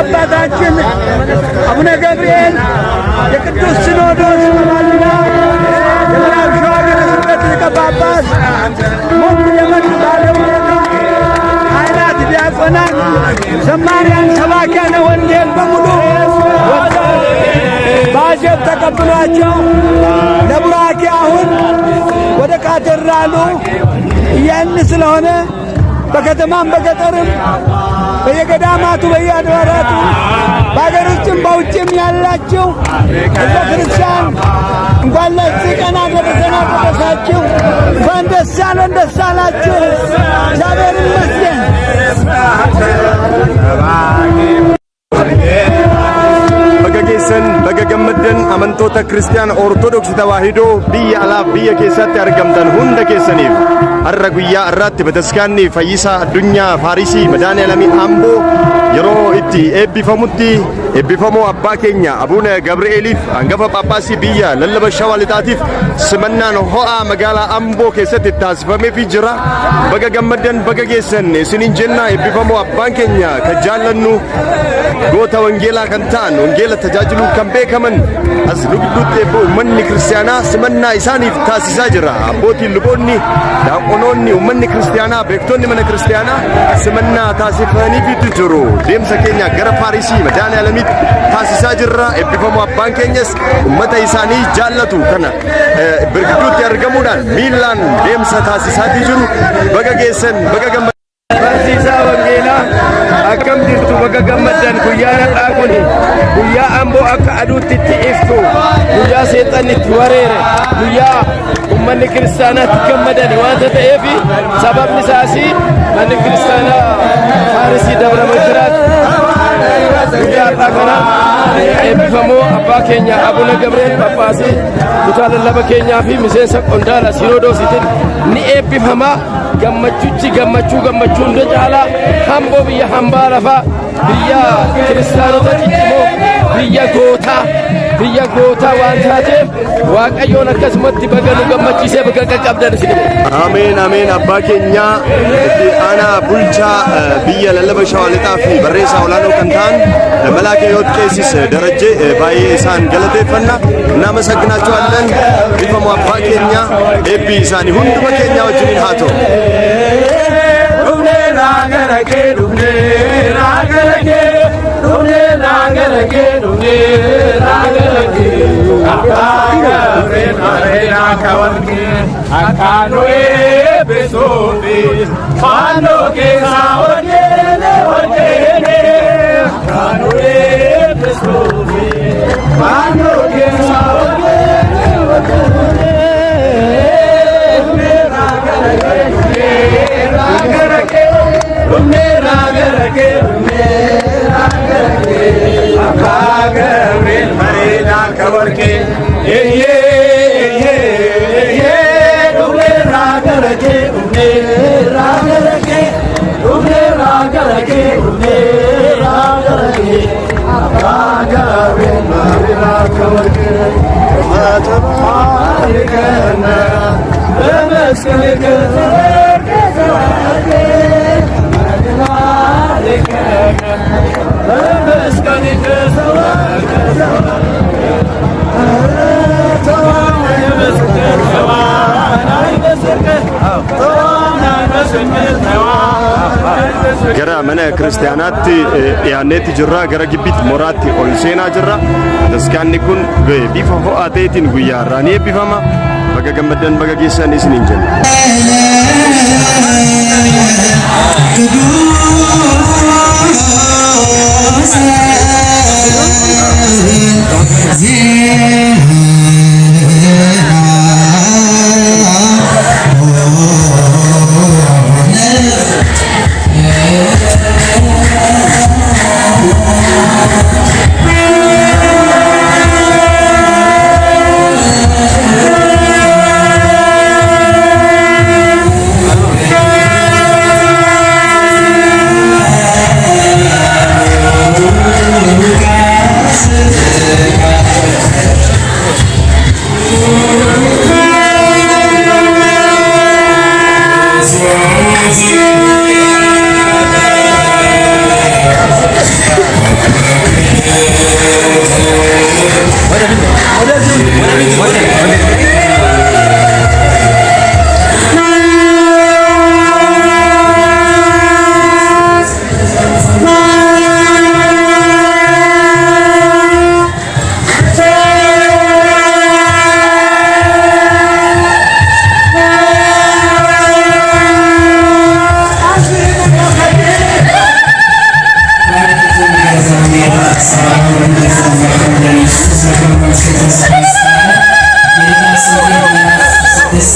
አባታችን አቡነ ገብርኤል የቅዱስ ሲኖዶስ ዋና የምዕራብ ሸዋ ሀገረ ስብከት ሊቀ ጳጳስ ሞት የመጡ ባለውለታ ካህናት፣ ዲያቆናት፣ ዘማሪያን፣ ሰባኪያነ ወንጌል በሙሉ በአጀብ ተቀብሏቸው ለቡራኬ አሁን ወደ ካቴድራሉ እያን ስለሆነ በከተማም በገጠርም በየገዳማቱ በየአድባራቱ በአገር ውስጥም በውጭም ያላችሁ ሕዝበ ክርስቲያን እንኳን ለዚህ ቀን እንኳን ደስ ያለን ደስ አላችሁ። እግዚአብሔር ይመስገን። keessan baga gammaddan amantoota kiristaana ortodoksii tawaahidoo biyya alaaf biyya keessatti argamtan hunda keessaniif har'a guyyaa har'aatti bataskaanni fayyisaa addunyaa faarisii madaanii alamii amboo yeroo itti eebbifamutti eebbifamoo abbaa keenya abuune gabri'eeliif hangafa phaaphaasii biyya lallaba shawaa lixaatiif simannaan ho'aa magaalaa amboo keessatti taasifameefii jira baga gammaddan baga geessan isiniin jenna eebbifamoo abbaan keenya kan jaallannu goota wangeelaa kan ta'an wangeela tajaajiluun kan beekaman as nu gidduutti uummanni kiristaanaa simannaa isaaniif taasisaa jira abbootiin luboonni daaqonoonni uummanni kiristaanaa beektonni mana kiristaanaa simannaa taasifaniifitu jiru deemsa keenya gara paarisii madaala alamii isaaniif taasisaa jirra. Eebbifamoo abbaan keenyas uummata isaanii jaallatu kana birgidduutti argamuudhaan miilaan deemsa taasisaatii jiru. Baga geessan baga gammadan. Barsiisaa Wangeelaa akkam jirtu baga gammadan guyyaa nadhaa kun guyyaa amboo akka aduutti itti iftu guyyaa seexanni itti wareere guyyaa ummanni kiristaanaatti gammadan waanta ta'eef sababni isaas manni kiristaanaa faarisii dabra majiraati. ጉያ ከና ኤብፈሞ አባ ኬኛ አቡነ ገብርኤል ጳጳሲ ኩታ ለለበ ኬኛ ፊ ሚሴንሰ ቆንዳላ ሲኖዶሲትን ኒ ኤብፈማ ገመቹቺ ገመቹ ገመቹ እንደ ጫላ ሀምቦ ብያ ሀምባ ለፋ ብያ ክርስቲያኖታ ጭጭሞ biyya gootaa waan taateef Waaqayyoon akkasumatti baganu gammachiisee bakka qabdan isin Ameen ameen abbaa keenya itti aanaa bulchaa biyya lallaba shawaa lixaa fi barreessaa olaanoo kan ta'an Melaakee Yootqeessis Darajjee baay'ee isaan galateeffanna እናመሰግናቸዋለን። ቢፈሙ አባ ኬኛ ኤቢ ኢሳኒ ሁንዱመ ኬኛ ወጅኒን ሃቶ ዱብኔ ራገረኬ ዱብኔ ራገረኬ नुने के, तुने नुने नांगर गे आकाग प्रेमारे आकावर के अकानो के सावने होते በመስቀል gara mana kiristaanaatti dhiyaanetti jirra gara gibbitti moraatti ol seenaa jirra taskaanni kun bifa ho'aa ta'eetiin guyyaa irraanii eebbifama baga gammaddan baga geessan isiniin jenna.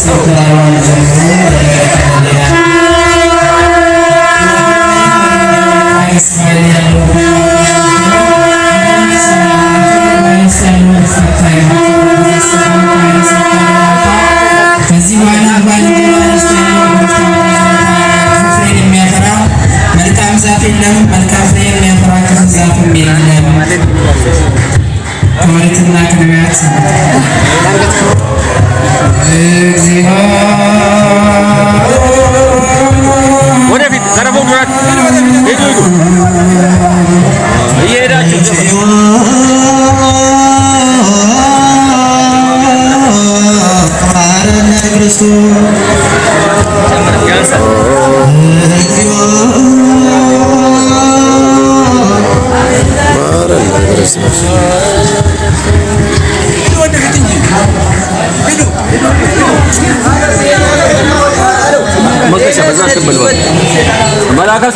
መልካም ዛፍ ወደፊት ዘረፈው ዱራት ሄዱ ሄዱ እየሄዳችሁ ማረነ ክርስቶስ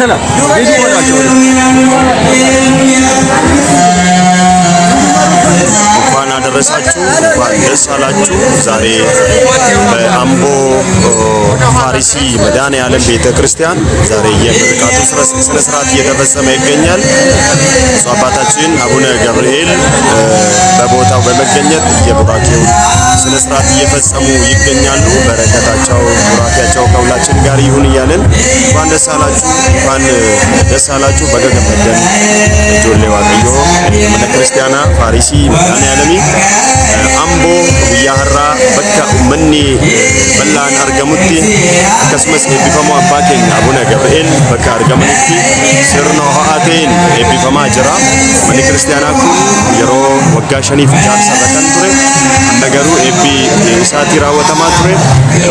sana. Jadi mana? Bukan ada resacu, bukan desalacu. Zari, Ambo, ፋሪሲ መድኃኔ ዓለም ቤተ ክርስቲያን ዛሬ የምርቃቱ ስነ ስርዓት እየተፈጸመ ይገኛል። እሱ አባታችን አቡነ ገብርኤል በቦታው በመገኘት የቡራኬውን ስነ ስርዓት እየፈጸሙ ይገኛሉ። በረከታቸው ቡራኬያቸው ከሁላችን ጋር ይሁን እያልን እንኳን ደስ አላችሁ፣ እንኳን ደስ አላችሁ። በገገመደን ጆሌ ዋቅዮ ቤተ ክርስቲያና ፋሪሲ መድኃኔ ዓለም አምቦ yahara bakka uummanni bal'aan argamutti akkasumas eebbifamoo abbaa keenya abuna gabriel bakka argamanitti sirna ho'aa ta'een eebbifamaa jira manni kiristaanaa kun yeroo waggaa shaniif jaarsarra kan ture amma garuu eebbi isaatii raawwatamaa ture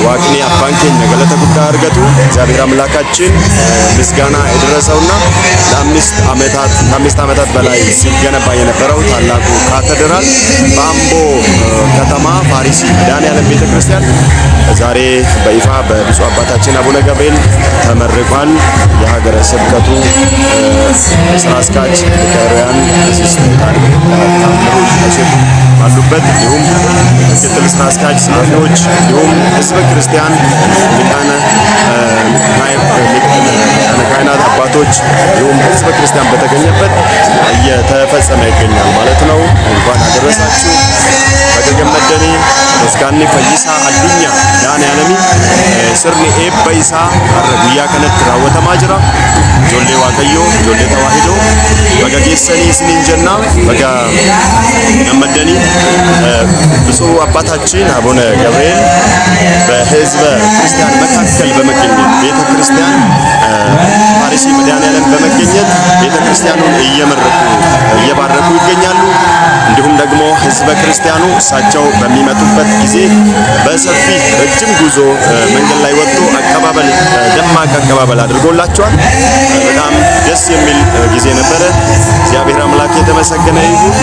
waaqni abbaan keenya galata guddaa argatu እግዚአብሔር አምላካችን ምስጋና የደረሰውና ለአምስት ዓመታት ከአምስት ዓመታት በላይ ሲገነባ የነበረው ታላቁ ካቴድራል በአምቦ ከተማ ፋሪስ መድኃኔዓለም ቤተክርስቲያን ዛሬ በይፋ በብፁዕ አባታችን አቡነ ገብርኤል ተመርቋን። የሀገረ ስብከቱ ስራ አስኪያጅ ሊቀርያን ባሉበት እንዲሁም ምክትል ስራ አስኪያጅ ጸሐፊዎች፣ እንዲሁም ህዝበ ክርስቲያን ሊቃነ Masgaanni Fayyisaa Addunyaa Daani'aalami sirni eebba isaa har'a guyyaa kanatti raawwatamaa jira. Ijoollee Waaqayyoo, ijoollee Tawaahidoo baga geessanii isiniin jenna baga gammaddanii ብፁዕ አባታችን አቡነ ገብርኤል በሕዝበ ክርስቲያን መካከል በመገኘት ቤተ ክርስቲያን ፓሪሲ መድኃኔዓለም በመገኘት ቤተ ክርስቲያኑን እየመረቁ እየባረኩ ይገኛሉ። እንዲሁም ደግሞ ህዝበ ክርስቲያኑ እሳቸው በሚመጡበት ጊዜ በሰፊ ረጅም ጉዞ መንገድ ላይ ወጥቶ አቀባበል ደማቅ አቀባበል አድርጎላቸዋል። በጣም ደስ የሚል ጊዜ ነበረ። እግዚአብሔር አምላክ የተመሰገነ ይሁን።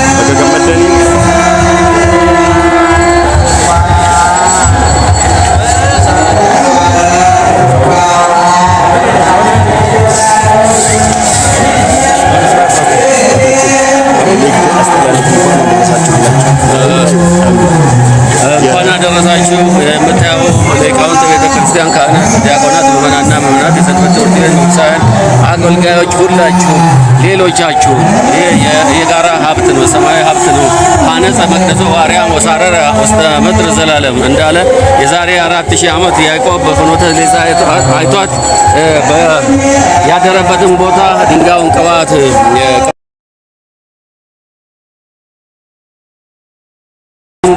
አገልጋዮች ሁላችሁ ሌሎቻችሁ የጋራ ሀብት ነው፣ ሰማይ ሀብት ነው። አነጸ መቅደሶ አርያም ወሳረረ ውስተ ምድር ዘላለም እንዳለ የዛሬ አራት ሺህ ዓመት ያዕቆብ በፍኖተ ሌዛ አይቷት ያደረበትን ቦታ ድንጋዩን ቅባት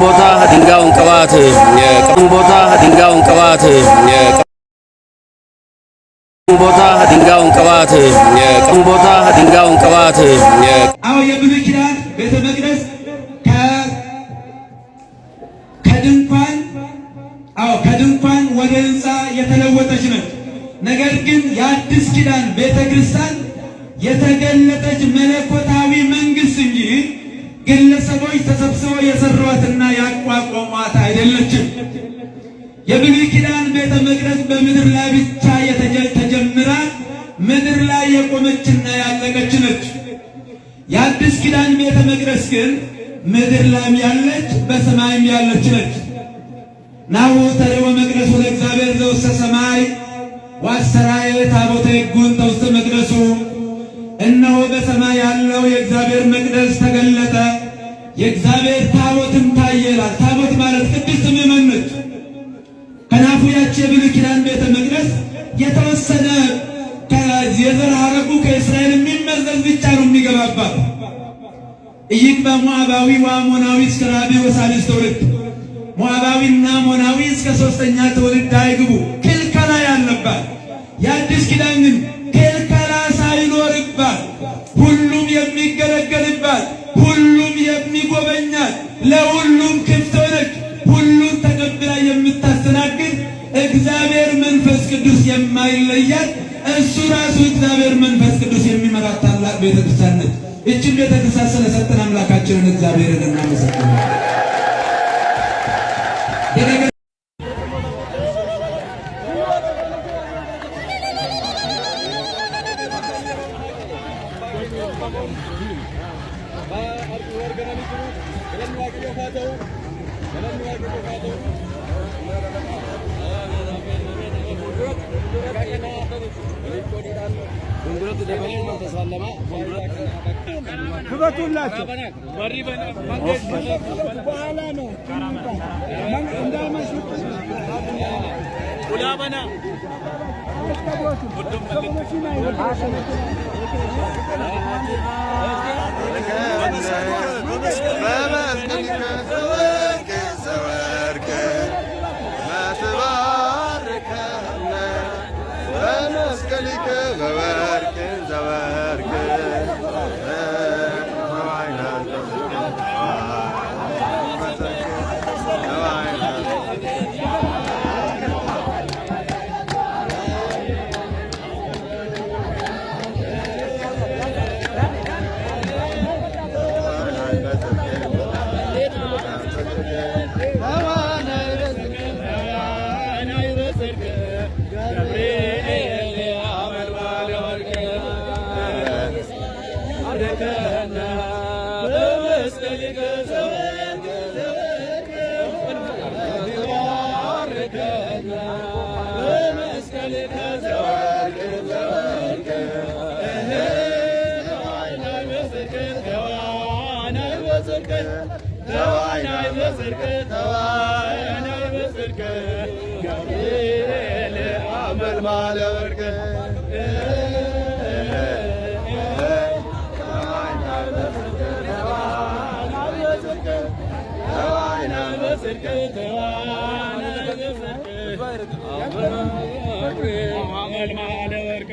ቦታ ድንጋዩን ቅባት ቦታ ድንጋዩን ቅባት ቦታ ድንጋዩን ቅባት የቀን ቦታ ድንጋዩን ቅባት አሁን የብሉይ ኪዳን ቤተ መቅደስ ከድንኳን አዎ ከድንኳን ወደ ህንፃ የተለወጠች ነች። ነገር ግን የአዲስ ኪዳን ቤተ ክርስቲያን የተገለጠች መለኮታዊ መንግስት እንጂ ግለሰቦች ተሰብስበው የሰሯትና ያቋቋሟት አይደለችም። የብሉይ ኪዳን ቤተ መቅደስ በምድር ላይ ብቻ ግን ምድር ላይም ያለች በሰማይም ያለች ነች። ናሁ ተሬወ መቅደሱ ለእግዚአብሔር ዘውስተ ሰማይ ወአስተርአየ ታቦተ ይጉን ውስተ መቅደሱ። እነሆ በሰማይ ያለው የእግዚአብሔር መቅደስ ተገለጠ፣ የእግዚአብሔር ታቦትም ታየላል። ታቦት ማለት ቅድስት ምእመን ነች። ከናፉ ያቺ የብሉይ ኪዳን ቤተ መቅደስ የተወሰነ የዘር ሐረጉ ከእስራኤል የሚመዘዝ ብቻ ነው የሚገባባት ኢይክፈ ሞዓባዊ ወአሞናዊ እስከ ራብዕ ወሳልስ ትውልድ፣ ሞዓባዊና አሞናዊ እስከ ሶስተኛ ትውልድ አይግቡ ክልከላ ያለባት የአዲስ ኪዳን ግን ክልከላ ሳይኖርባት ሁሉም የሚገለገልባት ሁሉም የሚጎበኛት ለሁሉም ክፍት ሆነች፣ ሁሉን ተቀብላ የምታስተናግድ እግዚአብሔር መንፈስ ቅዱስ የማይለያት እሱ ራሱ እግዚአብሔር መንፈስ ቅዱስ የሚመራት ታላቅ ቤተክርስቲያን ነች። እችን ቤተክርስቲያን ስለሰጠን አምላካችንን እግዚአብሔርን እናመሰግናለን። በመስቀልከ በወርቅ ዘወርቅ በጽድቅ ተዋህናይ በጽድቅ ገብርኤል አመልማለ ወርቅ ወርቅ